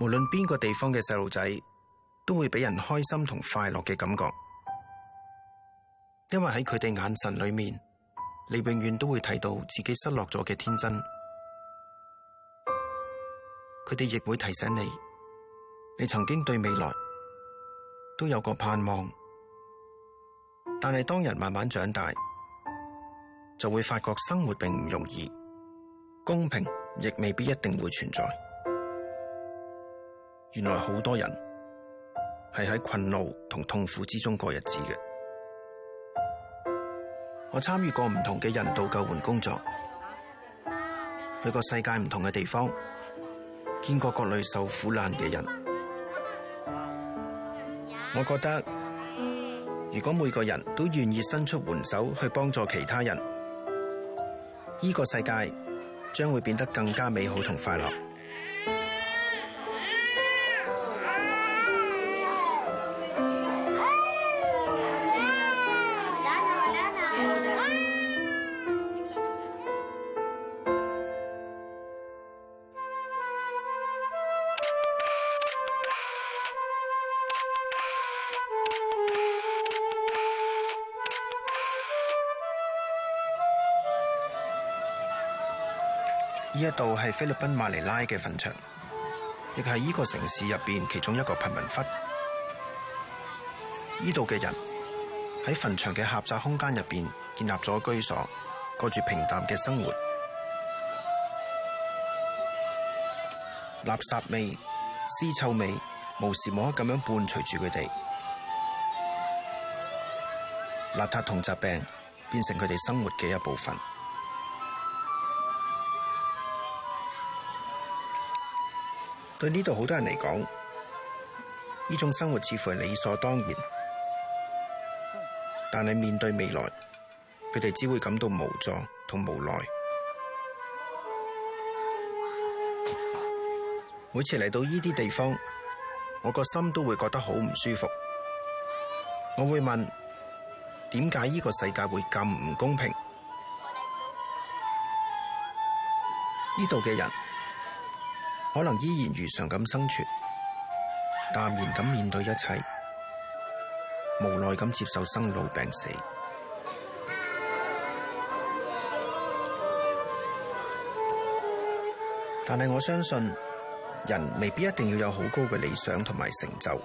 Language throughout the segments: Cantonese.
無論邊個地方嘅細路仔，都會俾人開心同快樂嘅感覺，因為喺佢哋眼神裏面，你永遠都會提到自己失落咗嘅天真。佢哋亦會提醒你，你曾經對未來都有過盼望，但係當人慢慢長大，就會發覺生活並唔容易，公平亦未必一定會存在。原來好多人係喺困惱同痛苦之中過日子嘅。我參與過唔同嘅人道救援工作，去過世界唔同嘅地方，見過各類受苦難嘅人。我覺得，如果每個人都願意伸出援手去幫助其他人，呢個世界將會變得更加美好同快樂。呢度係菲律賓馬尼拉嘅墳場，亦係呢個城市入邊其中一個貧民窟。呢度嘅人喺墳場嘅狹窄空間入邊建立咗居所，過住平淡嘅生活。垃圾味、屍臭味無時無刻咁樣伴隨住佢哋，邋遢同疾病變成佢哋生活嘅一部分。對呢度好多人嚟講，呢種生活似乎係理所當然。但係面對未來，佢哋只會感到無助同無奈。每次嚟到呢啲地方，我個心都會覺得好唔舒服。我會問：點解呢個世界會咁唔公平？呢度嘅人，可能依然如常咁生存，淡然咁面對一切，無奈咁接受生老病死。但係我相信，人未必一定要有好高嘅理想同埋成就，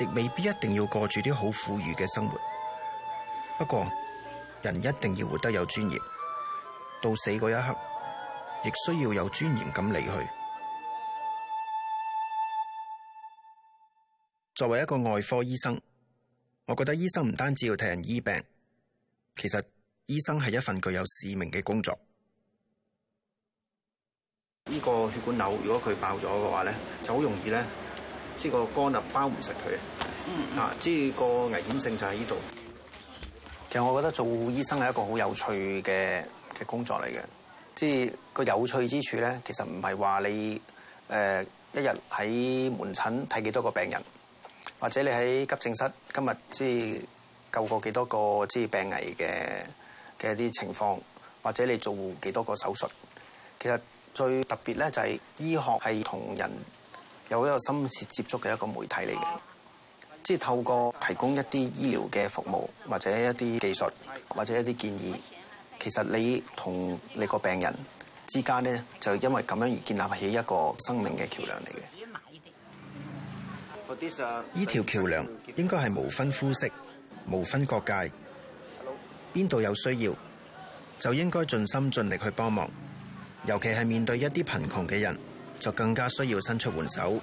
亦未必一定要過住啲好富裕嘅生活。不過，人一定要活得有尊嚴，到死嗰一刻，亦需要有尊嚴咁離去。作為一個外科醫生，我覺得醫生唔單止要替人醫病，其實醫生係一份具有使命嘅工作。呢、這個血管瘤如果佢爆咗嘅話咧，就好容易咧，即、這、係個肝啊包唔實佢啊，即係個危險性就喺呢度。其實我覺得做醫生係一個好有趣嘅嘅工作嚟嘅，即、這、係個有趣之處咧，其實唔係話你誒、呃、一日喺門診睇幾多個病人。或者你喺急症室今日即救過幾多個即係病危嘅嘅一啲情況，或者你做幾多個手術，其實最特別咧就係醫學係同人有一個深切接觸嘅一個媒體嚟嘅，即係透過提供一啲醫療嘅服務或者一啲技術或者一啲建議，其實你同你個病人之間咧就因為咁樣而建立起一個生命嘅橋梁嚟嘅。依條橋樑應該係無分膚色、無分國界，邊度有需要就應該盡心盡力去幫忙，尤其係面對一啲貧窮嘅人，就更加需要伸出援手。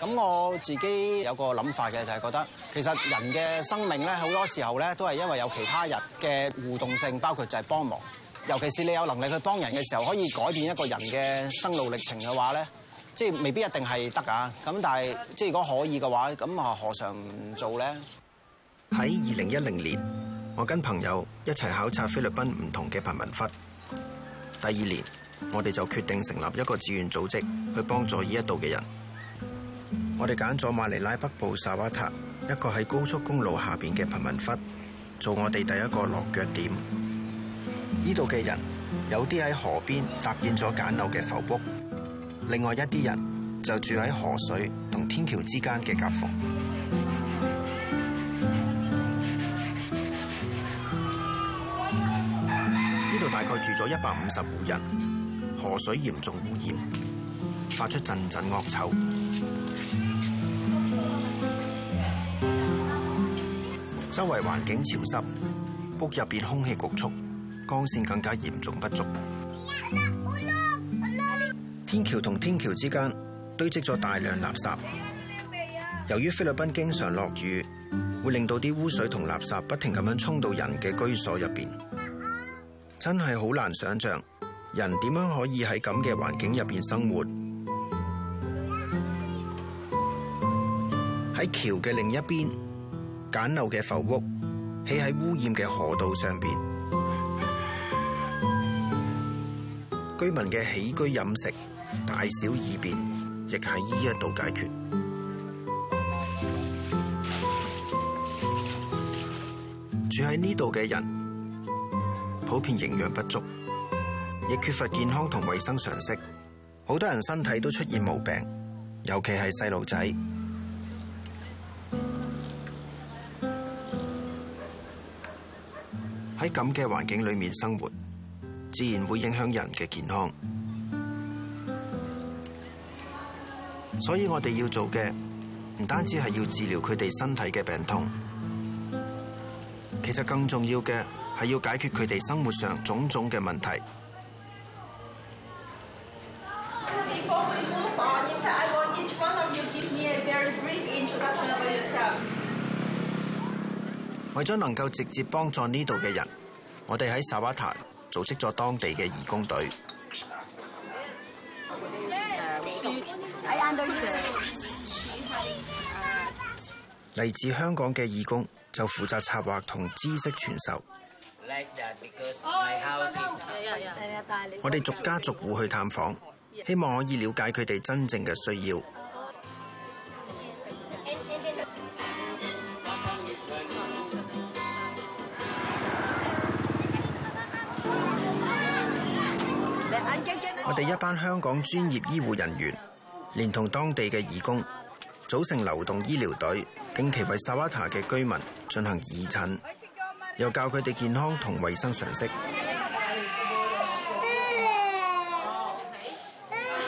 咁我自己有個諗法嘅，就係、是、覺得，其實人嘅生命咧，好多時候咧都係因為有其他人嘅互動性，包括就係幫忙，尤其是你有能力去幫人嘅時候，可以改變一個人嘅生路歷程嘅話咧。即係未必一定係得㗎，咁但係即係如果可以嘅話，咁啊何嘗唔做咧？喺二零一零年，我跟朋友一齊考察菲律賓唔同嘅貧民窟。第二年，我哋就決定成立一個志願組織去幫助呢一度嘅人。我哋揀咗馬尼拉北部薩瓦塔一個喺高速公路下邊嘅貧民窟，做我哋第一個落腳點。呢度嘅人有啲喺河邊搭建咗簡陋嘅浮屋。另外一啲人就住喺河水同天橋之間嘅夾縫，呢度大概住咗一百五十戶人，河水嚴重污染，發出陣陣惡臭，周圍環境潮濕，屋入邊空氣局促，光線更加嚴重不足。天橋同天橋之間堆積咗大量垃圾。由於菲律賓經常落雨，會令到啲污水同垃圾不停咁樣沖到人嘅居所入邊，真係好難想象人點樣可以喺咁嘅環境入邊生活。喺橋嘅另一邊，簡陋嘅浮屋起喺污染嘅河道上邊，居民嘅起居飲食大小便，亦喺依一度解決。住喺呢度嘅人，普遍營養不足，亦缺乏健康同衛生常識。好多人身體都出現毛病，尤其係細路仔喺咁嘅環境裏面生活，自然會影響人嘅健康。所以我哋要做嘅，唔單止係要治療佢哋身體嘅病痛，其實更重要嘅係要解決佢哋生活上種種嘅問題。為咗能夠直接幫助呢度嘅人，我哋喺薩瓦塔組織咗當地嘅義工隊。嚟自香港嘅義工就負責策劃同知識傳授。我哋逐家逐戶去探訪，希望可以了解佢哋真正嘅需要。我哋一班香港專業醫護人員，連同當地嘅義工，組成流動醫療隊。定期為薩瓦塔嘅居民進行義診，又教佢哋健康同衛生常識。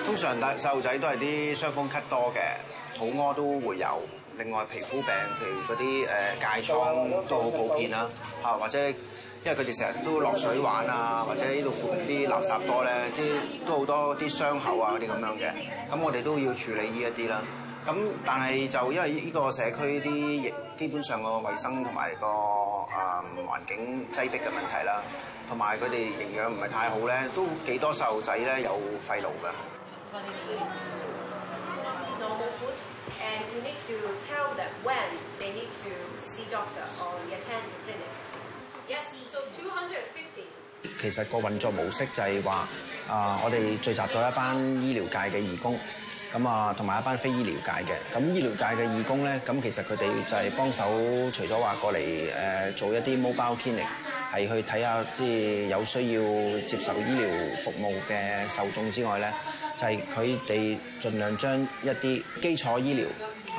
通常大細路仔都係啲傷風咳多嘅，肚屙都會有。另外皮膚病，譬如嗰啲誒疥瘡都好普遍啦。吓，或者因為佢哋成日都落水玩啊，或者呢度附近啲垃圾多咧，啲都好多啲傷口啊啲咁樣嘅，咁我哋都要處理呢一啲啦。咁，但係就因為呢個社區啲基本上個衞生同埋個啊環境擠迫嘅問題啦，同埋佢哋營養唔係太好咧，都幾多細路仔咧有肺癆㗎。其實個運作模式就係話，啊，我哋聚集咗一班醫療界嘅義工，咁啊，同埋一班非醫療界嘅。咁醫療界嘅義工咧，咁其實佢哋就係幫手，除咗話過嚟誒做一啲 mobile clinic，係去睇下即係有需要接受醫療服務嘅受眾之外咧，就係佢哋盡量將一啲基礎醫療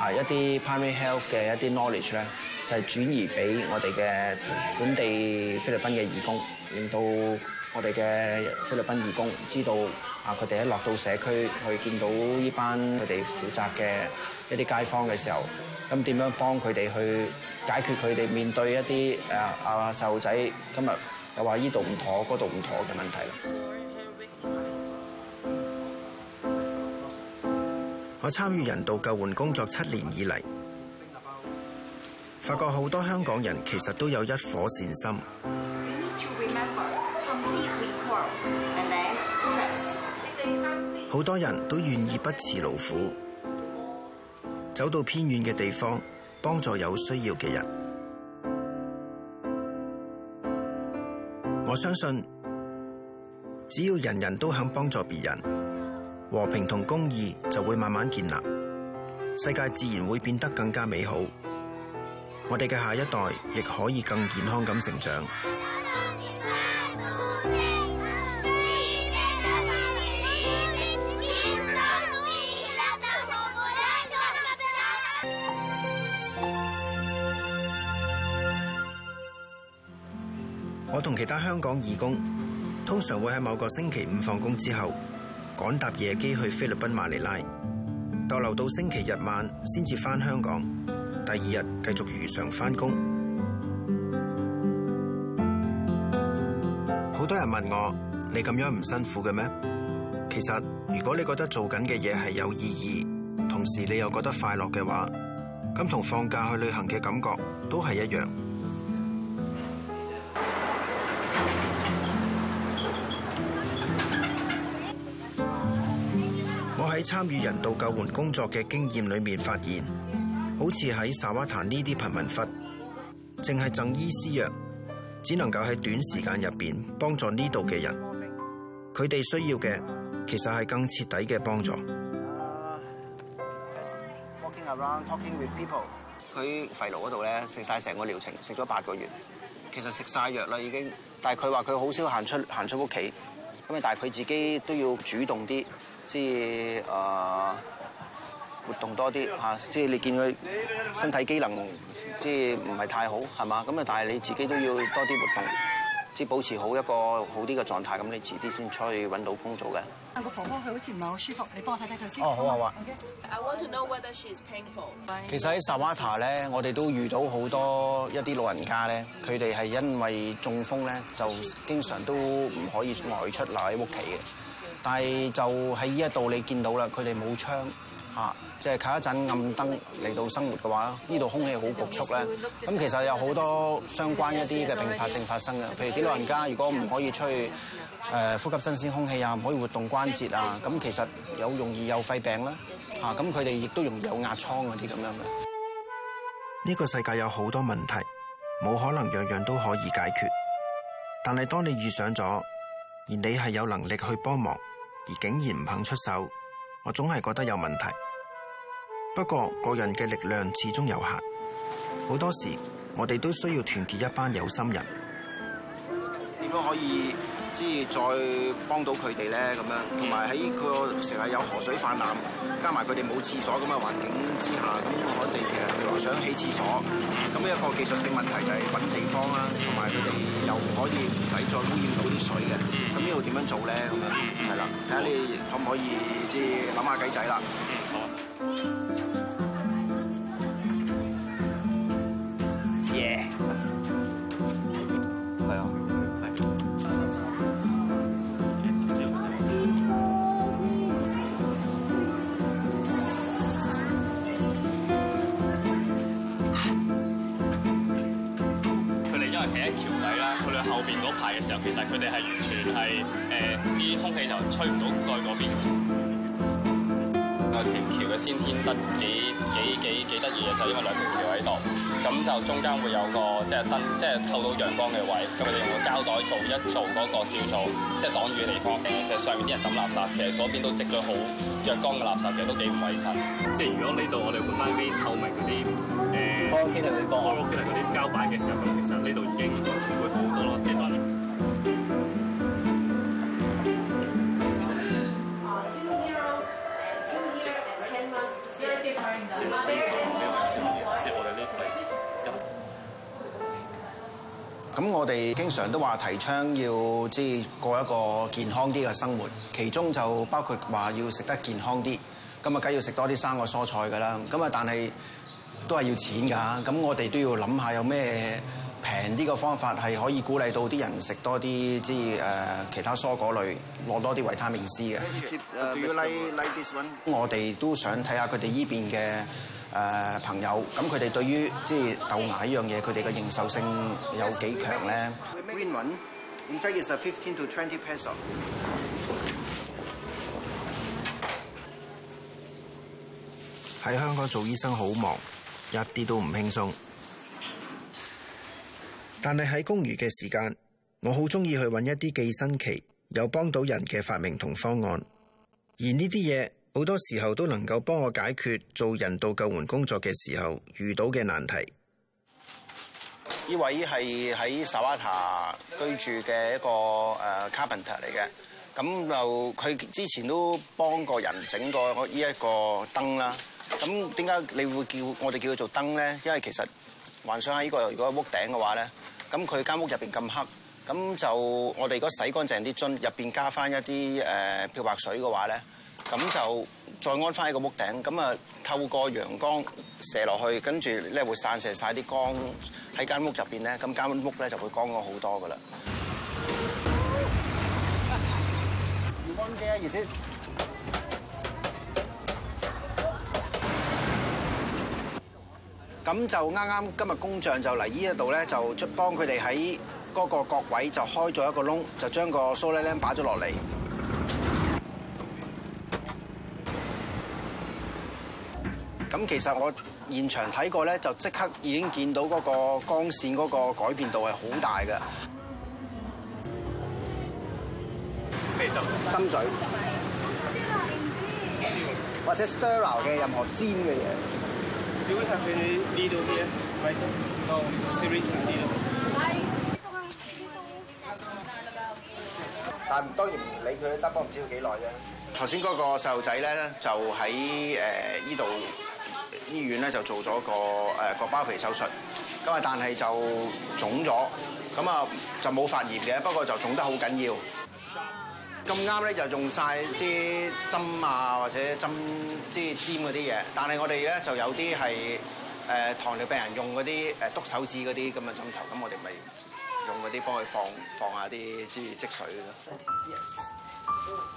啊，一啲 primary health 嘅一啲 knowledge 咧。就係轉移俾我哋嘅本地菲律賓嘅義工，令到我哋嘅菲律賓義工知道啊，佢哋一落到社區去見到呢班佢哋負責嘅一啲街坊嘅時候，咁點樣幫佢哋去解決佢哋面對一啲誒啊細路仔今日又話依度唔妥、嗰度唔妥嘅問題啦。我參與人道救援工作七年以嚟。發覺好多香港人其實都有一顆善心，好多人都願意不辭勞苦，走到偏遠嘅地方幫助有需要嘅人。我相信，只要人人都肯幫助別人，和平同公義就會慢慢建立，世界自然會變得更加美好。我哋嘅下一代亦可以更健康咁成長。我同其他香港義工通常會喺某個星期五放工之後趕搭夜機去菲律賓馬尼拉，逗留到星期日晚先至返香港。第二日繼續如常返工，好多人問我：你咁樣唔辛苦嘅咩？其實如果你覺得做緊嘅嘢係有意義，同時你又覺得快樂嘅話，咁同放假去旅行嘅感覺都係一樣。我喺參與人道救援工作嘅經驗裏面發現。好似喺沙瓦坦呢啲貧民窟，淨係贈醫施藥，只能夠喺短時間入面幫助呢度嘅人。佢哋需要嘅其實係更徹底嘅幫助。walking、uh, around, talking with people, 佢肥爐嗰度呢，食晒成個療程，食咗八個月。其實食晒藥啦已經了了，但係佢話佢好少行出行出屋企。咁但係佢自己都要主動啲即係呃活動多啲嚇，即係你見佢身體機能即係唔係太好係嘛？咁啊，但係你自己都要多啲活動，即係保持好一個好啲嘅狀態，咁你遲啲先出去揾到工做嘅。個婆婆，佢好似唔係好舒服，你幫我睇睇佢先。哦，好啊，好啊，OK。其實喺 Savata 咧，我哋都遇到好多一啲老人家咧，佢哋係因為中風咧，就經常都唔可以外出來，留喺屋企嘅。但係就喺呢一度你見到啦，佢哋冇窗嚇。嗯嗯即係靠一陣暗燈嚟到生活嘅話，呢度空氣好局促咧。咁其實有好多相關一啲嘅併發症發生嘅，譬如啲老人家如果唔可以出去誒呼吸新鮮空氣啊，唔可以活動關節啊，咁其實有容易有肺病啦。嚇，咁佢哋亦都容易有壓瘡嗰啲咁樣嘅。呢個世界有好多問題，冇可能樣樣都可以解決。但係當你遇上咗，而你係有能力去幫忙，而竟然唔肯出手，我總係覺得有問題。不過個人嘅力量始終有限，好多時我哋都需要團結一班有心人。點樣可以即係再幫到佢哋咧？咁樣同埋喺個成日有河水泛濫，加埋佢哋冇廁所咁嘅環境之下，咁我哋譬如話想起廁所，咁一個技術性問題就係揾地方啦，同埋佢哋又可以唔使再污染到啲水嘅。咁呢度點樣做咧？咁樣係啦，睇下你可唔可以即係諗下計仔啦。想四就是，吹唔到去嗰邊，兩條橋嘅先天得幾幾幾得意嘅，的就係因為兩條橋喺度，咁就中間會有個即係燈，即係透到陽光嘅位，咁我哋用個膠袋做一做嗰，那個叫做即係擋雨嘅地方，即其實上面啲人抌垃圾其，呃，其實嗰邊都積咗好弱光嘅垃圾，其實都幾唔衞生。即係如果呢度我哋換翻啲透明嗰啲誒玻璃嚟嗰啲玻嗰啲膠板嘅時候，咁其實呢度已經會好多咯，即係當然。咁我哋、嗯、經常都話提倡要，即係過一個健康啲嘅生活，其中就包括話要食得健康啲，咁啊梗要食多啲生果蔬菜㗎啦，咁啊但係都係要錢㗎，咁我哋都要諗下有咩平啲嘅方法係可以鼓勵到啲人食多啲，即係誒其他蔬果類，攞多啲維他命 C 嘅。我哋都想睇下佢哋呢邊嘅誒朋友，咁佢哋對於即係豆芽呢樣嘢，佢哋嘅認受性有幾強咧？喺香港做醫生好忙，一啲都唔輕鬆。但係喺工餘嘅時間，我好中意去揾一啲寄生期有幫到人嘅發明同方案，而呢啲嘢好多時候都能夠幫我解決做人道救援工作嘅時候遇到嘅難題。呢位係喺 Sawata 居住嘅一個誒 carpenter 嚟嘅，咁就佢之前都幫過人整過呢一個燈啦。咁點解你會叫我哋叫佢做燈呢？因為其實幻想喺呢、這個如果屋頂嘅話咧，咁佢間屋入邊咁黑，咁就我哋如果洗乾淨啲樽，入邊加翻一啲誒、呃、漂白水嘅話咧，咁就再安翻喺個屋頂，咁啊透過陽光射落去，跟住咧會散射晒啲光喺間屋入邊咧，咁間屋咧就會光咗好多噶啦。要安機啊，葉先。咁就啱啱今日工匠就嚟呢一度咧，就幫佢哋喺嗰個角位就開咗一個窿，就將個塑料鈴擺咗落嚟。咁其實我現場睇過咧，就即刻已經見到嗰個光線嗰個改變度係好大嘅。譬如針嘴？或者 stirrer 嘅任何尖嘅嘢？你會睇佢跌到啲啊？唔係，no，serious 唔跌到。但當然唔理佢得波唔知要幾耐啫。頭先嗰個細路仔咧就喺誒呢度醫院咧就做咗個誒個包皮手術，咁啊但係就腫咗，咁啊就冇發炎嘅，不過就腫得好緊要。咁啱咧就用晒啲針啊或者針即係尖嗰啲嘢，但係我哋咧就有啲係誒糖尿病人用嗰啲誒篤手指嗰啲咁嘅針頭，咁我哋咪用嗰啲幫佢放放下啲即係積水咯。Yes.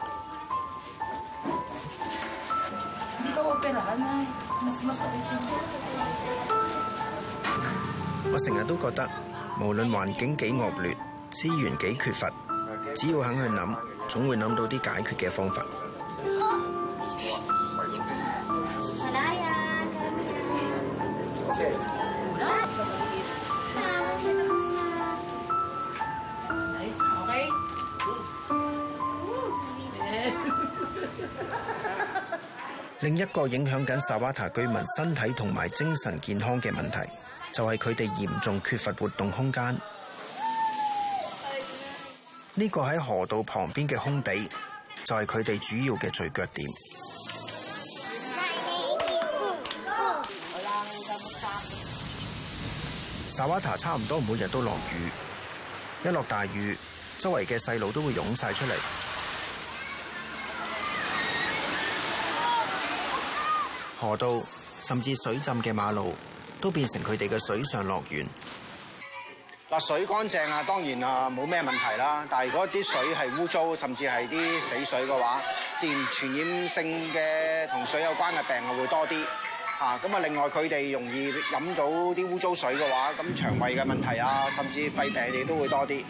我成日都覺得，無論環境幾惡劣，資源幾缺乏，只要肯去諗，總會諗到啲解決嘅方法。另一個影響緊薩瓦塔居民身體同埋精神健康嘅問題，就係佢哋嚴重缺乏活動空間。呢、這個喺河道旁邊嘅空地，就係佢哋主要嘅聚腳點，嗯嗯嗯。薩瓦塔差唔多每日都落雨，一落大雨，周圍嘅細路都會湧晒出嚟。河道甚至水浸嘅馬路，都變成佢哋嘅水上樂園。嗱，水乾淨啊，當然啊冇咩問題啦。但係如果啲水係污糟，甚至係啲死水嘅話，自然傳染性嘅同水有關嘅病啊會多啲。嚇咁啊，另外佢哋容易飲到啲污糟水嘅話，咁腸胃嘅問題啊，甚至肺病嘅都會多啲。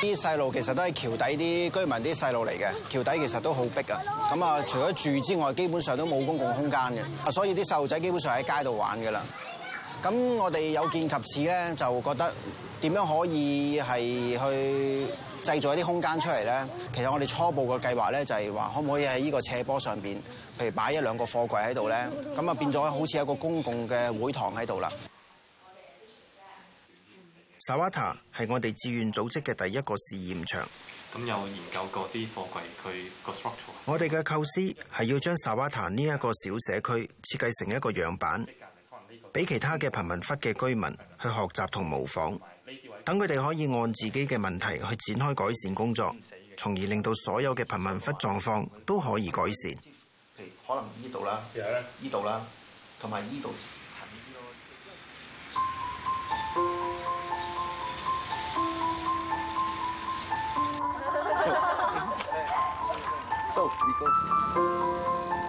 啲細路其實都係橋底啲居民啲細路嚟嘅，橋底其實都好逼啊。咁啊，除咗住之外，基本上都冇公共空間嘅，所以啲細路仔基本上喺街度玩嘅啦。咁我哋有見及此咧，就覺得點樣可以係去製造一啲空間出嚟咧？其實我哋初步嘅計劃咧，就係、是、話可唔可以喺呢個斜坡上邊，譬如擺一兩個貨櫃喺度咧，咁啊變咗好似一個公共嘅會堂喺度啦。a t a 係我哋志願組織嘅第一個試驗場。咁有研究過啲貨櫃佢個 s t 我哋嘅構思係要將 Sawata 呢一個小社區設計成一個樣板。俾其他嘅貧民窟嘅居民去學習同模仿，等佢哋可以按自己嘅問題去展開改善工作，從而令到所有嘅貧民窟狀況都可以改善。可能呢度啦，呢度啦，同埋呢度。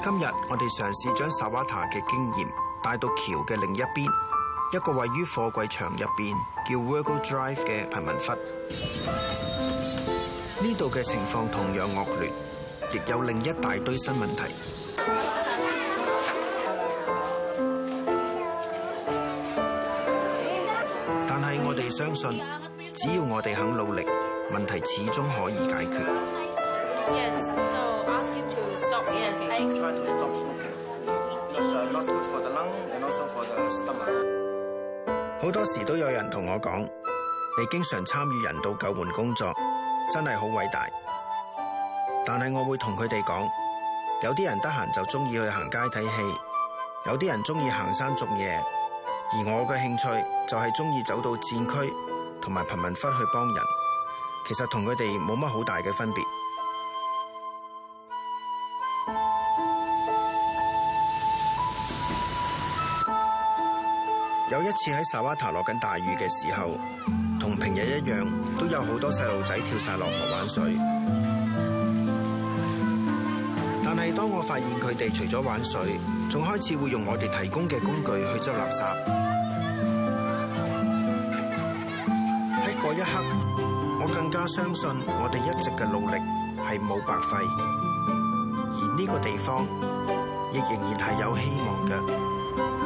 今日我哋嘗試將薩瓦塔嘅經驗，帶到橋嘅另一邊，一個位於貨櫃場入邊叫 Wergo Drive 嘅貧民窟，呢度嘅情況同樣惡劣，亦有另一大堆新問題。是但係我哋相信，只要我哋肯努力，問題始終可以解決。Yes. So ask him to stop. Yes. 好多時都有人同我講，你經常參與人道救援工作，真係好偉大。但係我會同佢哋講，有啲人得閒就中意去行街睇戲，有啲人中意行山種嘢，而我嘅興趣就係中意走到戰區同埋貧民窟去幫人。其實同佢哋冇乜好大嘅分別。次喺薩瓦塔落緊大雨嘅時候，同平日一樣，都有好多細路仔跳晒落河玩水。但係當我發現佢哋除咗玩水，仲開始會用我哋提供嘅工具去執垃圾。喺嗰一刻，我更加相信我哋一直嘅努力係冇白費，而呢個地方亦仍然係有希望嘅。